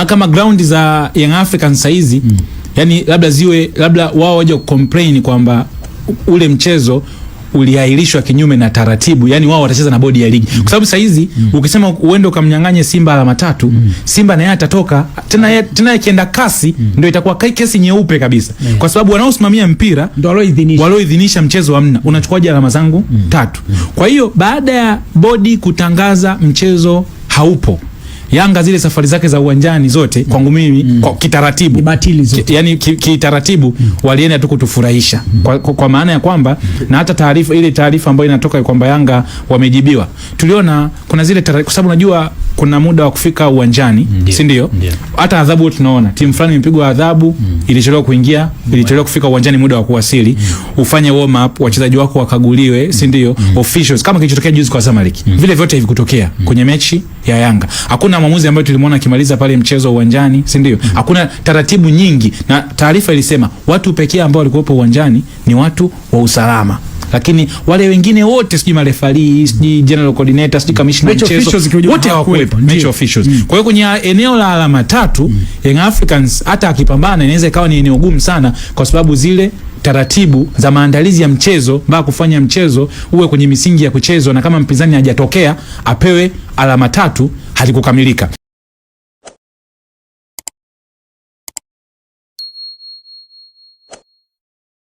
maana kama ground za Young African saizi mm. yani labda ziwe labda wao waje complain kwamba ule mchezo uliahirishwa kinyume na taratibu, yani wao watacheza na bodi ya ligi mm. kwa sababu saizi mm. ukisema uende ukamnyang'anye Simba alama tatu mm. Simba naye atatoka tena ye, tena ikienda kasi mm. ndio itakuwa kesi nyeupe kabisa yeah. Hmm. kwa sababu wanaosimamia mpira ndio walioidhinisha walioidhinisha mchezo hamna, hmm. unachukuaje alama zangu mm. tatu mm. kwa hiyo baada ya bodi kutangaza mchezo haupo Yanga zile safari zake za uwanjani zote mm. kwangu mimi mm. kwa kitaratibu batili zote. Yani kitaratibu mm. walienda tu kutufurahisha mm. kwa, kwa, kwa maana ya kwamba mm. na hata taarifa ile taarifa ambayo inatoka kwamba Yanga wamejibiwa, tuliona kuna zile kwa sababu unajua kuna muda wa kufika uwanjani mm. si ndio? Hata adhabu tunaona timu fulani imepigwa adhabu mm ilichelewa kuingia, mm. ilichelewa kufika uwanjani muda wa kuwasili, mm. ufanye warm up, wachezaji wako wakaguliwe, si ndio? Mm. Officials kama kilichotokea juzi kwa Zamalek, vile vyote hivikutokea kwenye mechi ya Yanga. Hakuna maamuzi ambayo tulimwona akimaliza pale mchezo uwanjani, si ndio? Hakuna taratibu nyingi, na taarifa ilisema watu pekee ambao walikuwepo uwanjani ni watu wa usalama lakini wale wengine wote sijui marefari sijui general coordinator sijui kamishna mchezo wote hawakuwepo match officials. Mm. Kwa hiyo kwenye eneo la alama tatu mm. Young Africans hata akipambana inaweza ikawa ni eneo gumu sana, kwa sababu zile taratibu za maandalizi ya mchezo mpaka kufanya mchezo uwe kwenye misingi ya kuchezwa, na kama mpinzani hajatokea apewe alama tatu halikukamilika.